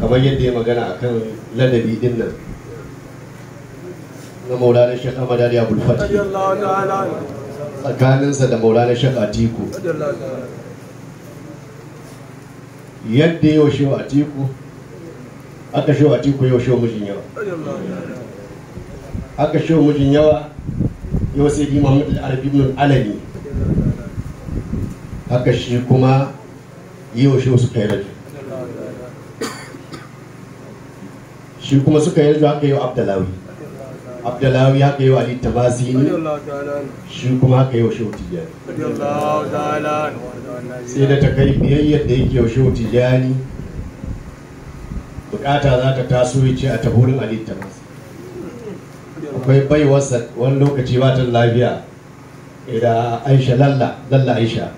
kamar yadda ya magana akan ladabi din nan na maulana shekha madari abu abul tsakaninsa da maulana shekha atiku yadda yau shi atiku aka shi atiku yau shi mijin yawa aka shi mijin yawa yau sai bi muhammad al-arabi ibn alani aka shi kuma yau shi su kai rajul shi kuma suka yi yarda haka yau abdalawi abdalawi ya haka yau ali tabasi shi kuma haka yau shehu tijani sai da ta kai biyayyar da yake yau shehu tijani bukata za ta taso ya ce a taburin ali tabasi akwai baiwarsa wani lokaci ba ta lafiya idan aisha lalla lalla aisha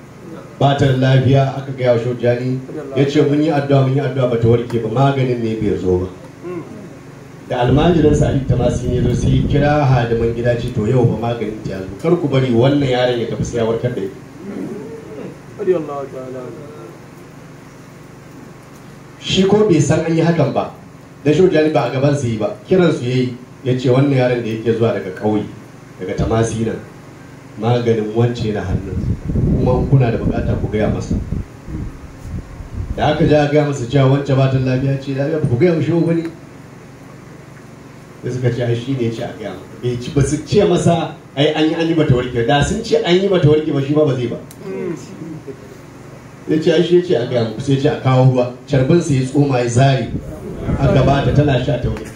ba ta lafiya aka gaya wa shehu tijani ya ce mun yi addu'a mun yi addu'a ba ta warke ba maganin ne bai zo ba da almajiran sa Ali Tamasin sun yi sai kira hadiman gida ce to yau ba maganin ta yazo kar ku bari wannan yaron ya tafi sai ya warkar da shi ko bai san an yi hakan ba da shi wajen ba a gaban su yi ba kiran su yayi ya ce wannan yaron da yake zuwa daga ƙauye daga tamasina maganin wance na hannun kuma kuna da bukata ku gaya masa da aka ja gaya masa cewa wancan batun lafiya ce lafiya ku gaya mu ba ne da suka ce ai shi ne ya ce a gaya bai ci ba su ce masa ai an yi an yi bata warke da sun ce an yi bata warke ba shi ba ba zai ba ya ce ai shi ya ce a gaya mu sai ce a kawo ruwa carbin sai ya tsoma ya zari a gabata tana sha ta wuri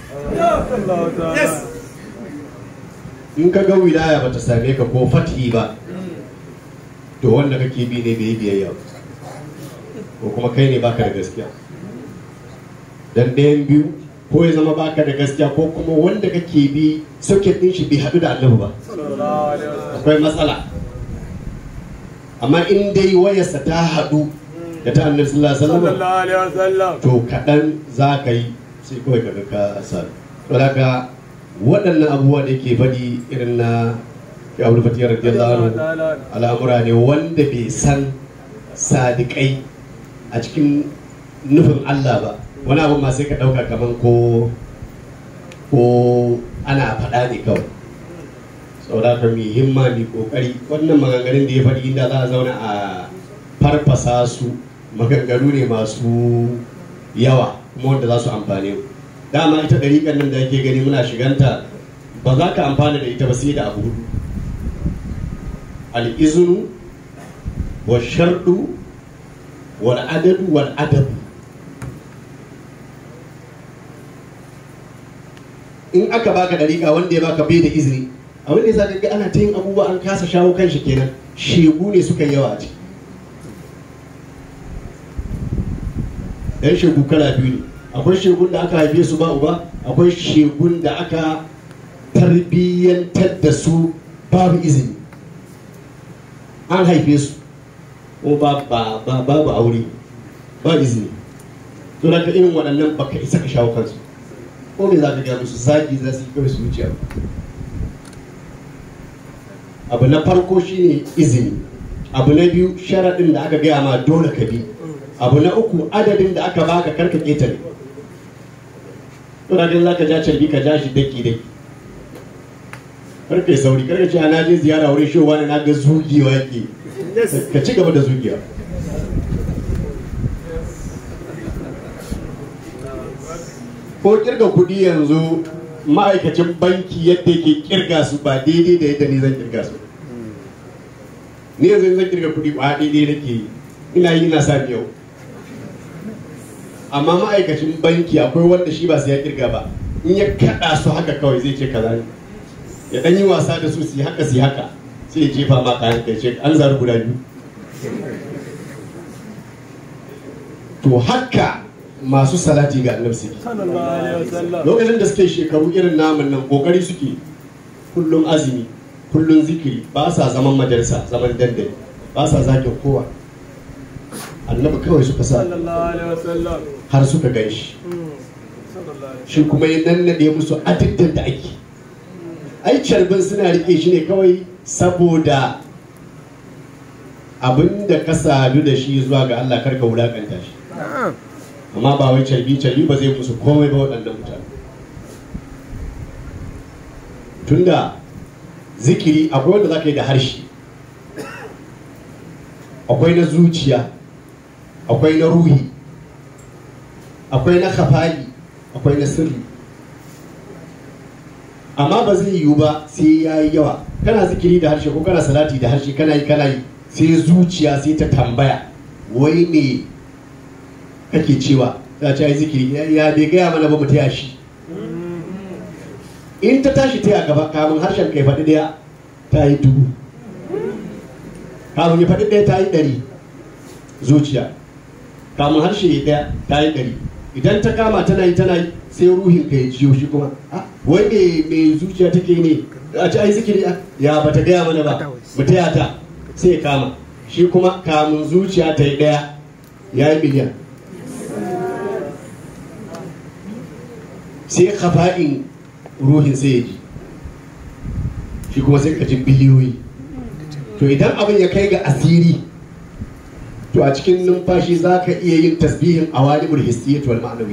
in ka ga wilaya bata same ka ko fathi ba to wanda kake bi ne bai biyayya ko kuma kai ne baka da gaskiya dan ɗayan biyu ko ya zama baka da gaskiya ko kuma wanda kake bi soket din shi bai haɗu da annabi ba akwai matsala amma in dai wayarsa ta haɗu da ta annabi sallallahu alaihi wasallam to kaɗan za ka yi sai kawai ka ga ka to daga waɗannan abubuwa da yake faɗi irin na ya abu fatiyar radiyallahu anhu al'amura ne wanda bai san sadiƙai a cikin nufin Allah ba wani abun ma sai ka ɗauka kaman ko ko ana faɗa ne kawai saboda ka mai himma mai ƙoƙari wannan maganganun da ya faɗi inda za a zauna a farfasa su maganganu ne masu yawa kuma wanda za su amfane dama ita ɗariƙar nan da ake gani muna shiganta ba za ka amfana da ita ba sai da abu al'izunu wa shardu wal adadu wal adabu in aka baka dariƙa wanda ya baka bai da izini wanda ya yasa ga ana ta yin abubuwa an kasa shawo kan shi kenan shegu ne suka yawa a ciki yan shegu kala biyu ne akwai shegun da aka haife su ba uba akwai shegun da aka tarbiyyantar da su babu izini an haife su ko babu aure ba izini to da irin waɗannan baka isa ka shawo kansu ko a za ka gaya musu zagi za su yi zuciya abu na farko shine izini abu na biyu sharaɗin da aka gaya ma dole ka bi abu na uku adadin da aka baka karka ketare ɗoragin za ka ja can ka ja shi daki daki karka yi sauri karka a ah, na je ziyara wurin showa na ga zugewa ke ka ci gaba da zugewa ko kirga kuɗi yanzu ma'aikacin banki yadda yake kirga su ba daidai da yadda ni zan kirga su ni yanzu zan kirga kuɗi ba daidai nake yi ina yi ina sami yau amma ma'aikacin banki akwai wanda shi ba su ya kirga ba in ya kaɗa su haka kawai zai ce kaza ne ya ɗan yi wasa da su su yi haka su yi haka sai ya jefa ma kayan kai ce an zaru guda biyu to haka masu salati ga annabi suke lokacin da suke shekaru irin namun nan kokari suke kullum azumi kullum zikiri ba sa zaman madarsa zaman dandali ba sa zakin kowa annabi kawai suka sa har suka gan shi shi kuma ya nannade musu adadin da ake ai carbin suna rike shi ne kawai saboda abin da ka sadu da shi zuwa ga Allah karka wulakanta shi amma ba wai calbi calbi ba zai musu komai ba waɗannan mutane tunda zikiri akwai wanda za ka yi da harshe akwai na zuciya akwai na ruhi akwai na kafali akwai na sirri amma ba zai yiwu ba sai ya yi yawa kana zikiri da harshe ko kana salati da harshe kana yi kana yi sai zuciya sai ta tambaya wai ne. kake cewa za ta yi zikiri ya bai gaya mana ba mu taya shi in ta tashi taya gaba kamun harshen kai faɗi ɗaya ta yi dubu kamun ya faɗi ɗaya ta yi ɗari zuciya kamun harshe ɗaya ta yi ɗari idan ta kama tana yi tana yi sai ruhin ka ya jiyo shi kuma ah, wai me mai zuciya take ne a ci ai zikiri ya bata gaya mana ba mu taya ta sai kama shi kuma kamun zuciya ta yi ɗaya ya yi miliyan sai kafa'in ruhin sai ji shi kuma sai ka ji biliyoyi to idan abin ya kai ga asiri to a cikin numfashi za ka iya yin tasbihin a awalimul hissiyyat wal maana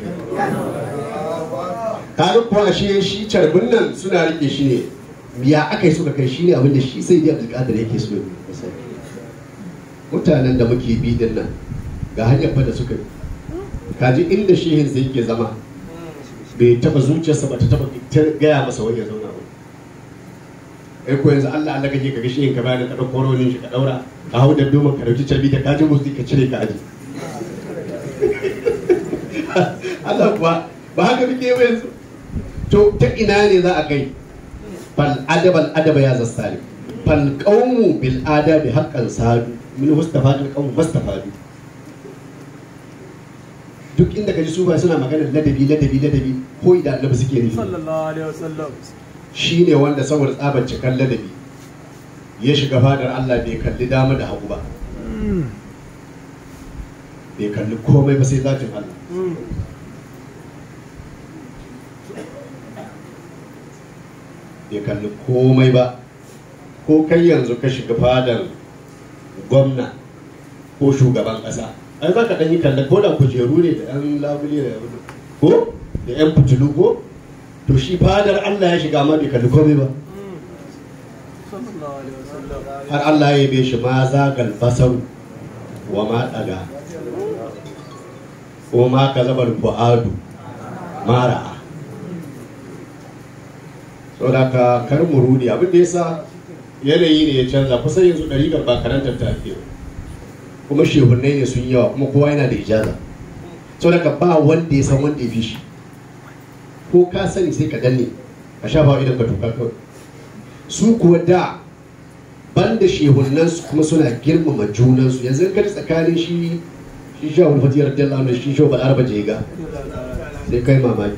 kaga kuwa ashe shi carbin nan suna rike shi ne ya aka yi suka kai shi ne abin da shi sai dai abdulkadir yake so mutanen da muke bi nan ga hanyar fa da suka kaji inda shehin sai yake zama bai taba zuciyarsa ba ta taba gaya masa wani ya zauna ba ai ko yanzu Allah Allah kake ka gashi in ka bayar da dauko koronin shi ka daura ka hau da doma ka dauki cabi da kajin musu ka cire ka aji Allah kuwa ba haka muke ba yanzu to ta ina ne za a kai fal adabal adaba ya zassali fal qawmu bil adabi haqqan sadu min mustafa al qawmu mustafadu duk inda ka ji su suna magana ladabi ladabi ladabi ko da annabi suke nufi sallallahu alaihi wasallam shine wanda saboda tsabar cikan ladabi ya shiga fadar Allah bai kalli dama da hagu ba hmm. bai kalli komai ba sai zatin Allah hmm. bai kalli komai ba ko kai yanzu ka shiga fadar gwamna ko shugaban kasa. an za ka yi kallon ko da kujeru ne da ɗan labule da abin ko da ƴan fitilu ko to shi fadar Allah ya shiga ma bai kalli komai ba har Allah ya bai shi ma zagal basaru wa ma ɗaga ko ma ka zabar bu'adu mara'a saboda ka kar mu rudi abin da yasa yanayi ne ya canza kusan yanzu ɗari ba karantar tafiya kuma shehunai ne sun yawa kuma kowa yana da ijaza sau daga ba wanda ya san wanda ya fi shi ko ka sani sai ka danne a sha ba idan ka tuka kawai su kuwa da ban da shehunansu kuma suna girmama junansu yanzu ka tsakanin shi shi sha hulfati radiyallahu anhu shi sha wani arba jega sai kai mamaki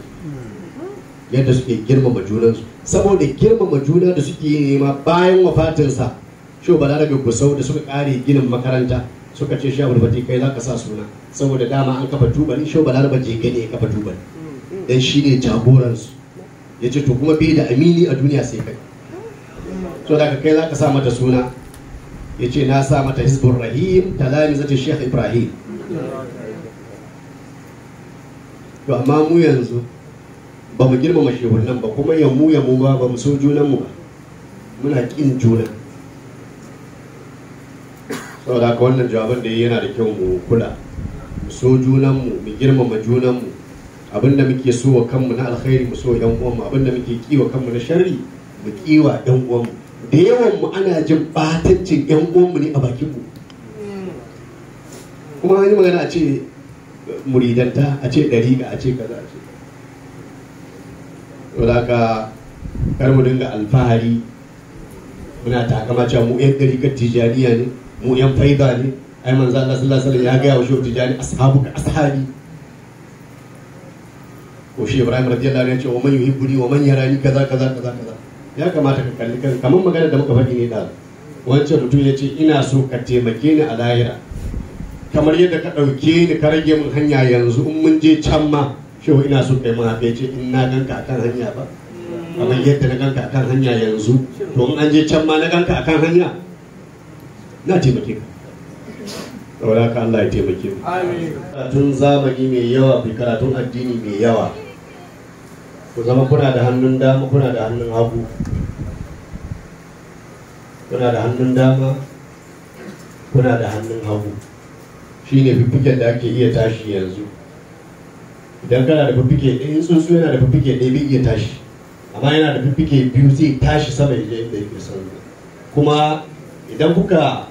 yadda suke girmama junansu saboda girmama juna da suke yi ma bayan wafatinsa shi bal arba gusau da suka kare ginin makaranta suka ce shi abulbati kai za ka sa suna saboda dama an kafa tubali shau balar baje ne ya kafa tubali mm-hmm. dan shi ne jagoransu ya ce to kuma bai da amini a duniya sai kai so da kai za ka sa mata suna ya ce na sa mata hisbun rahim lami zata shekh ibrahim to amma mu yanzu ba mu girmama shehunan ba kuma yamu mu ba ba mu so junanmu ba muna kin juna saboda haka wannan jawaban da yana da kyau mu kula mu so junanmu mu girmama junanmu abinda muke so wa kanmu na alkhairi mu so yan mu abinda muke kiwa kanmu na sharri mu kiwa yan mu da yawan mu ana jin batancin yan mu ne a bakin mu kuma yi magana a ce muridanta a ce dariƙa a ce kaza a ce saboda haka kar mu dinga alfahari muna takama cewa mu yan dariƙar tijaniya ne mu yan faida ne ai manzo Allah sallallahu alaihi wasallam ya ga wa tijani ashabu ka ashabi ko shi Ibrahim radiyallahu anhu ya ce wa man yuhibbuni wa man yarani kaza kaza kaza kaza ya kamata ka kalli kan kamar magana da muka faɗi ne da wancan mutum ya ce ina so ka taimake ni a lahira kamar yadda ka ɗauke ni ka rage min hanya yanzu in mun je can ma shi ina so kai mun haɗe ce in na ganka akan hanya ba kamar yadda na ganka akan hanya yanzu to in an je can ma na ganka akan hanya na taimake ka saboda ka Allah ya taimake mu karatun zamani mai yawa kai karatun addini mai yawa ku zama kuna da hannun dama kuna da hannun hagu kuna da hannun dama kuna da hannun hagu shine fiffiken da ake iya tashi yanzu idan kana da fiffike ɗaya, in tsuntsu yana da fiffike ɗaya bai iya tashi amma yana da fiffike biyu zai tashi sama ya je inda yake son kuma idan kuka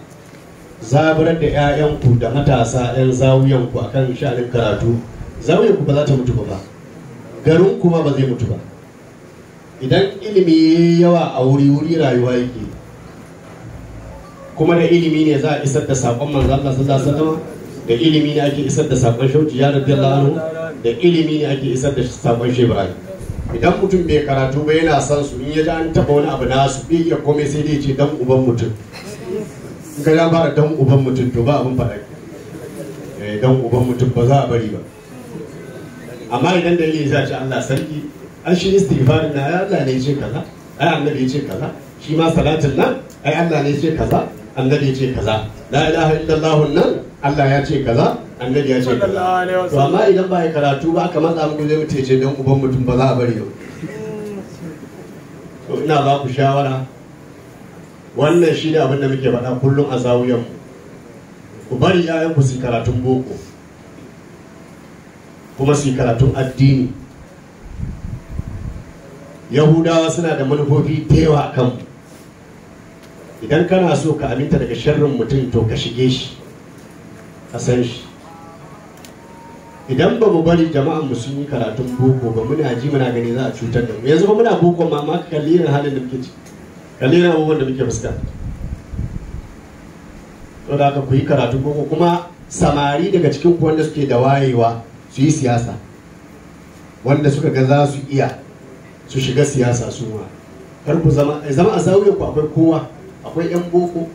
zaburar da 'ya'yanku da matasa 'yan zawiyanku a kan sha'anin karatu zawiyanku ba za ta mutu ba garin kuma ba zai mutu ba idan ilimi yawa a wuri wuri rayuwa yake kuma da ilimi ne za a isar da saƙon manzo Allah sallallahu alaihi wasallam da ilimi ne ake isar da saƙon shauki ya radiyallahu anhu da ilimi ne ake isar da saƙon shebrani idan mutum bai karatu ba yana son su in ya ji an taɓa wani abu nasu bai iya komai sai dai ce dan uban mutum in ka jan fara dan uban mutum to ba abin faɗa ke eh, dan uban mutum ba za a bari ba amma idan da ya sa shi Allah sarki an shi istighfarin na Allah ne ya ce kaza ai annabi ya ce kaza shi ma salatin nan ai Allah ne ya ce kaza annabi ya ce kaza la ilaha illallah nan Allah ya ce kaza annabi ya ce kaza to amma idan ba ya karatu ba aka matsa mu zai wuce ce dan uban mutum ba za a bari ba hmm. to ina ba ku shawara wannan shi ne abinda muke faɗa kullum a zawuyan ku bari yayan ku su karatun boko kuma su karatun addini yahudawa suna da manufofi tewa yawa kanmu. idan kana so ka aminta daga sharrin mutum to ka shige shi ka san shi idan ba mu bari jama'an mu sun yi karatun boko ba muna ji muna gani za a cutar da mu yanzu ba muna boko ma amma ka kalli irin halin da muke ciki kalilin abubuwan da muke fuska, to da aka ku yi karatu ko kuma samari daga cikin ku wanda suke da wayewa su yi siyasa wanda suka ga za su iya su shiga siyasa su ma kar ku zama zama a sauye ku akwai kowa akwai yan boko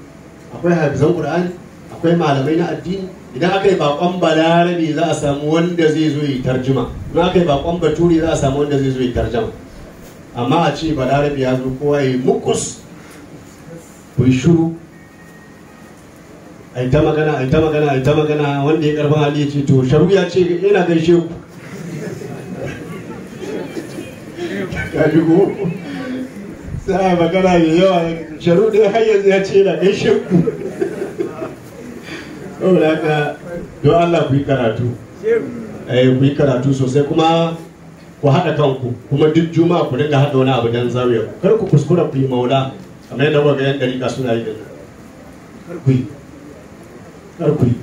akwai hafizan qur'ani akwai malamai na addini idan aka yi bakon balarabe za a samu wanda zai zo yi tarjuma idan aka yi bakon bature za a samu wanda zai zo yi tarjuma amma a ce balarabe ya zo kowa ya mukus kun shuru a yi ta magana a yi ta magana a yi ta magana wanda ya karfin hali ya ce to sharu ya ce yana gaishe ku ya shigo sai a magana mai yawa sharu ɗaya har yanzu ya ce yana gaishe ku saboda don Allah ku yi karatu eh, ku yi karatu sosai kuma ku haɗa kanku kuma duk juma'a ku dinga haɗa wani abu don zawiya kar ku kuskura ku yi maula kamar yadda kuka ga yan dariƙa suna yi dinnan kar ku yi kar ku yi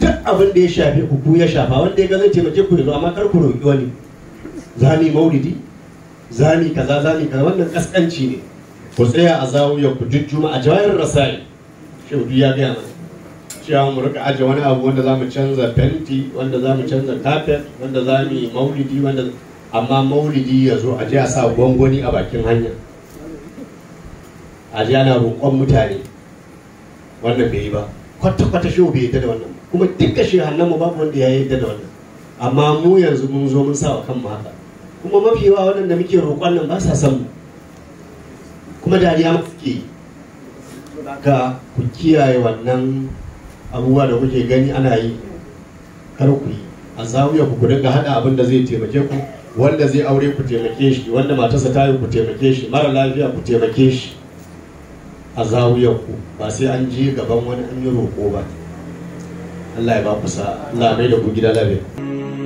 duk abin da ya shafe ku ku ya shafa wanda ya ga zai taimake ku yanzu amma kar ku roƙi wani zani maulidi zani kaza zani kaza wannan kaskanci ne ku tsaya a zawiya ku duk juma'a jawayar rasai shehu ya gaya mana cewa mu rika aje wani abu wanda za mu canza fenti wanda za mu canza kafet wanda za mu yi maulidi wanda amma maulidi ya zo aje a sa gwangwani a bakin hanya aje ana roƙon mutane wannan bai yi ba kwata-kwata shi bai yadda da wannan kuma duka shi mu babu wanda ya yadda da wannan amma mu yanzu mun zo mun sa wa kanmu haka kuma mafi yawa waɗanda muke roƙon nan ba sa san mu kuma dariya muke ka ku kiyaye wannan abubuwa da kuke gani ana yi kar ku yi a zawiya ku dinga hada abin da zai taimake ku wanda zai aure ku taimake shi wanda matarsa ta yi ku taimake shi mara lafiya ku taimake shi a zawiyar ku ba sai an je gaban wani an yi roƙo ba Allah ya ba ku sa Allah da ku gida lafiya